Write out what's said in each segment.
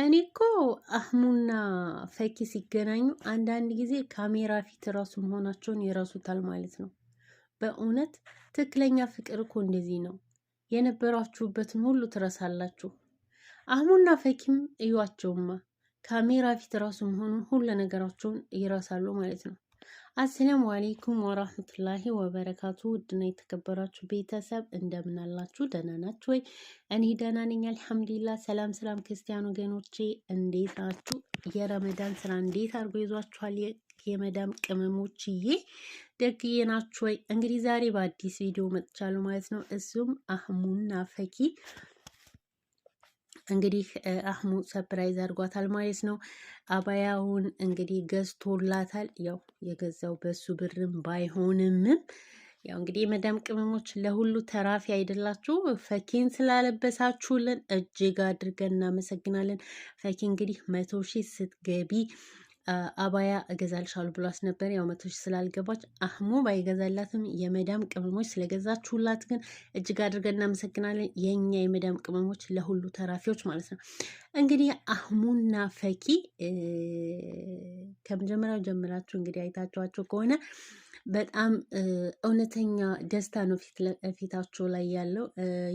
እኔ እኮ አህሙና ፈኪ ሲገናኙ አንዳንድ ጊዜ ካሜራ ፊት ራሱ መሆናቸውን ይረሱታል ማለት ነው። በእውነት ትክክለኛ ፍቅር እኮ እንደዚህ ነው። የነበራችሁበትን ሁሉ ትረሳላችሁ። አህሙና ፈኪም እዩዋቸውማ ካሜራ ፊት ራሱ መሆኑን ሁሉ ነገራቸውን ይረሳሉ ማለት ነው። አሰላሙ አሌይኩም ወራህመቱላሂ ወበረካቱ። ውድና የተከበራችሁ ቤተሰብ እንደምን አላችሁ? ደህና ናችሁ ወይ? እኔ ደህና ነኝ አልሐምዱሊላህ። ሰላም ሰላም፣ ክርስቲያን ወገኖቼ እንዴት ናችሁ? የረመዳን ስራ እንዴት አድርጎ ይዟችኋል? የመዳም ቅመሞችዬ ደግዬ ናችሁ ወይ? እንግዲህ ዛሬ በአዲስ ቪዲዮ መጥቻለሁ ማለት ነው። እሱም አህሙና ፈኪ እንግዲህ አህሙ ሰፕራይዝ አድርጓታል ማለት ነው። አባያውን እንግዲህ ገዝቶላታል። ያው የገዛው በሱ ብርም ባይሆንም ያው እንግዲህ መዳም ቅመሞች ለሁሉ ተራፊ አይደላችሁ። ፈኪን ስላለበሳችሁልን እጅግ አድርገን እናመሰግናለን። ፈኪ እንግዲህ መቶ ሺህ ስትገቢ አባያ እገዛልሻሉ ብሏት ነበር። ያው መቶች ስላልገባች አህሙ ባይገዛላትም የመዳም ቅመሞች ስለገዛችሁላት ግን እጅግ አድርገን እናመሰግናለን። የእኛ የመዳም ቅመሞች ለሁሉ ተራፊዎች ማለት ነው። እንግዲህ አህሙና ፈኪ ከመጀመሪያው ጀምራችሁ እንግዲህ አይታችኋቸው ከሆነ በጣም እውነተኛ ደስታ ነው ፊታቸው ላይ ያለው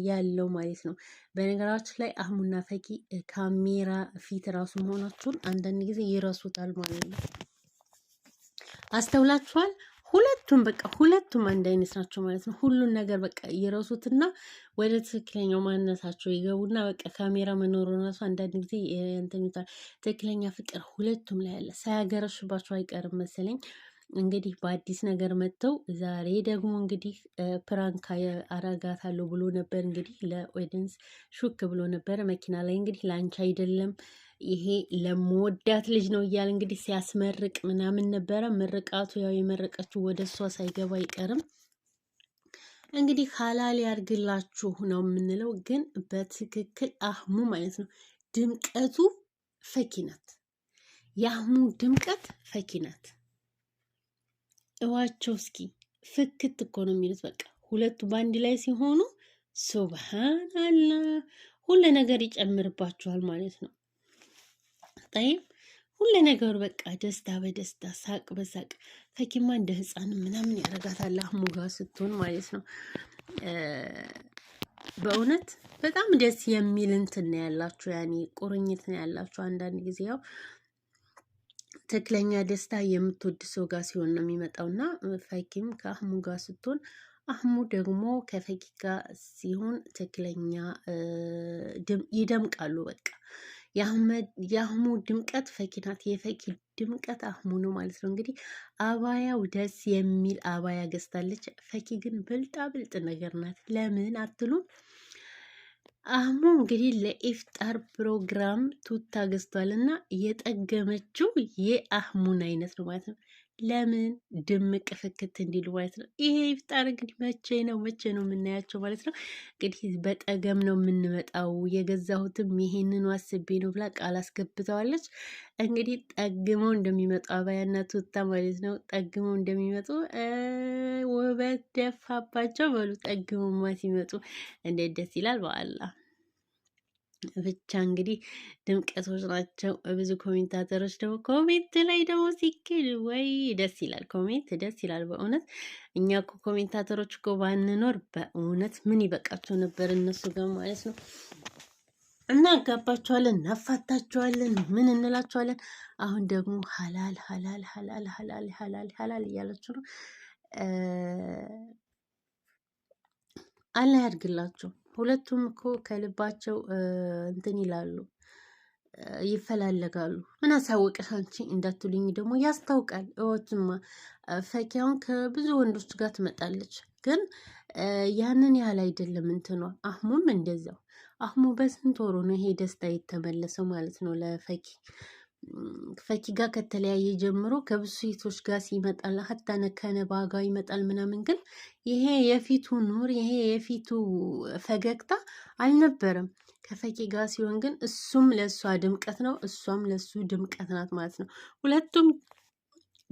ያለው ማለት ነው። በነገራችን ላይ አህሙና ፈኪ ካሜራ ፊት ራሱ መሆናቸውን አንዳንድ ጊዜ ይረሱታል ማለት ነው። አስተውላችኋል? ሁለቱም በቃ ሁለቱም አንድ አይነት ናቸው ማለት ነው። ሁሉን ነገር በቃ ይረሱትና ወደ ትክክለኛው ማንነታቸው ይገቡና በቃ ካሜራ መኖሩ ራሱ አንዳንድ ጊዜ ትክክለኛ ፍቅር ሁለቱም ላይ ያለ ሳያገረሽባቸው አይቀርም መሰለኝ። እንግዲህ በአዲስ ነገር መጥተው ዛሬ ደግሞ እንግዲህ ፕራንክ አረጋታለሁ ብሎ ነበር። እንግዲህ ለኦዲንስ ሹክ ብሎ ነበር መኪና ላይ እንግዲህ ላንቺ አይደለም ይሄ ለመወዳት ልጅ ነው እያለ እንግዲህ ሲያስመርቅ ምናምን ነበረ። ምርቃቱ ያው የመረቀችው ወደ እሷ ሳይገባ አይቀርም። እንግዲህ ሀላል ያርግላችሁ ነው የምንለው፣ ግን በትክክል አህሙ ማለት ነው ድምቀቱ ፈኪ ናት። የአህሙ ድምቀት ፈኪ ናት። እስኪ ፍክት እኮ ነው የሚሉት። በቃ ሁለቱ በአንድ ላይ ሲሆኑ ሱብሃናላ ሁለ ነገር ይጨምርባችኋል ማለት ነው። ጠይም ሁለ ነገሩ በቃ ደስታ በደስታ ሳቅ በሳቅ ፈኪማ እንደ ህፃን ምናምን ያረጋታል አህሙ ጋር ስትሆን ማለት ነው። በእውነት በጣም ደስ የሚል እንትን ያላችሁ፣ ያኔ ቁርኝት ነው ያላችሁ። አንዳንድ ጊዜ ያው ትክክለኛ ደስታ የምትወድ ሰው ጋር ሲሆን ነው የሚመጣው እና ፈኪም ከአህሙ ጋር ስትሆን አህሙ ደግሞ ከፈኪ ጋር ሲሆን ትክክለኛ ይደምቃሉ። በቃ የአህሙ ድምቀት ፈኪ ናት፣ የፈኪ ድምቀት አህሙ ነው ማለት ነው። እንግዲህ አባያው ደስ የሚል አባያ ገዝታለች። ፈኪ ግን ብልጣ ብልጥ ነገር ናት። ለምን አትሉም? አህሙ እንግዲህ ለኢፍጣር ፕሮግራም ቱታ ገዝቷል እና የጠገመችው የአህሙን አይነት ነው ማለት ነው። ለምን ድምቅ ፍክት እንዲሉ ማለት ነው። ይሄ ይፍጣር እንግዲህ መቼ ነው መቼ ነው የምናያቸው ማለት ነው። እንግዲህ በጠገም ነው የምንመጣው። የገዛሁትም ይሄንን አስቤ ነው ብላ ቃል አስገብተዋለች። እንግዲህ ጠግመው እንደሚመጡ አባያና ቱታ ማለት ነው። ጠግመው እንደሚመጡ ውበት ደፋባቸው በሉ። ጠግመው ማት ይመጡ እንዴት ደስ ይላል በአላህ ብቻ እንግዲህ ድምቀቶች ናቸው። ብዙ ኮሜንታተሮች ደግሞ ኮሜንት ላይ ደግሞ ሲክል ወይ ደስ ይላል። ኮሜንት ደስ ይላል በእውነት እኛ እኮ ኮሜንታተሮች እኮ ባንኖር በእውነት ምን ይበቃቸው ነበር እነሱ ጋር ማለት ነው። እናጋባቸዋለን፣ እናፋታቸዋለን፣ ምን እንላቸዋለን። አሁን ደግሞ ሀላል ሀላል ሀላል ሀላል ሀላል ሀላል እያላቸው ነው። አላህ ያድግላቸው። ሁለቱም እኮ ከልባቸው እንትን ይላሉ፣ ይፈላለጋሉ። ምን አሳወቀሽ አንቺ እንዳትሉኝ ደግሞ ያስታውቃል። እወትማ ፈኪያውን ከብዙ ወንዶች ጋር ትመጣለች፣ ግን ያንን ያህል አይደለም እንትኗ። አህሙም እንደዛው አህሙ በስንት ወሩ ነው ይሄ ደስታ የተመለሰው ማለት ነው ለፈኪ ፈኪ ጋር ከተለያየ ጀምሮ ከብዙ ሴቶች ጋር ሲመጣል ሀታ ነከነ ባጋ ይመጣል ምናምን፣ ግን ይሄ የፊቱ ኑር ይሄ የፊቱ ፈገግታ አልነበረም። ከፈኪ ጋር ሲሆን ግን እሱም ለእሷ ድምቀት ነው፣ እሷም ለሱ ድምቀት ናት ማለት ነው። ሁለቱም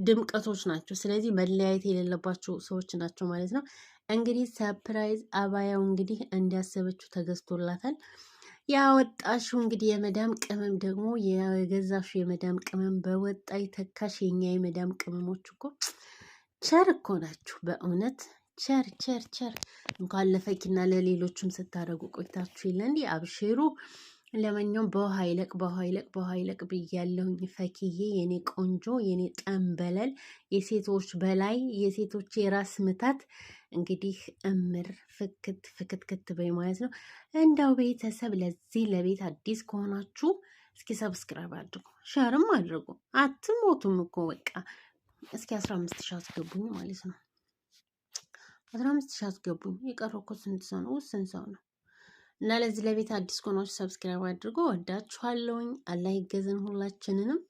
ድምቀቶች ናቸው። ስለዚህ መለያየት የሌለባቸው ሰዎች ናቸው ማለት ነው። እንግዲህ ሰርፕራይዝ አባያው እንግዲህ እንዲያሰበችው ተገዝቶላታል። ያወጣሽው እንግዲህ የመዳም ቅመም ደግሞ የገዛሹ የመዳም ቅመም በወጣ ተካሽ። የኛ የመዳም ቅመሞች እኮ ቸር እኮ ናችሁ በእውነት ቸር ቸር ቸር። እንኳን ለፈኪና ለሌሎችም ስታደረጉ ቆይታችሁ የለ እንዲ አብሽሩ። ለማንኛውም በውሃ ይለቅ በውሃ ይለቅ በውሃ ይለቅ ብያለሁኝ። ፈኪዬ የኔ ቆንጆ የኔ ጠንበለል የሴቶች በላይ የሴቶች የራስ ምታት እንግዲህ እምር ፍክት ፍክትክት በይ ማለት ነው። እንዳው ቤተሰብ ለዚህ ለቤት አዲስ ከሆናችሁ እስኪ ሰብስክራይብ አድርጉ፣ ሸርም አድርጉ። አትሞቱም እኮ በቃ እስኪ አስራ አምስት ሺህ አስገቡኝ ማለት ነው። አስራ አምስት ሺህ አስገቡኝ። የቀረው እኮ ስንት ሰው ነው? ውስን ሰው ነው። እና ለዚህ ለቤት አዲስ ከሆናችሁ ሰብስክራይብ አድርጎ ወዳችኋለውኝ። አላህ ይገዘን ሁላችንንም።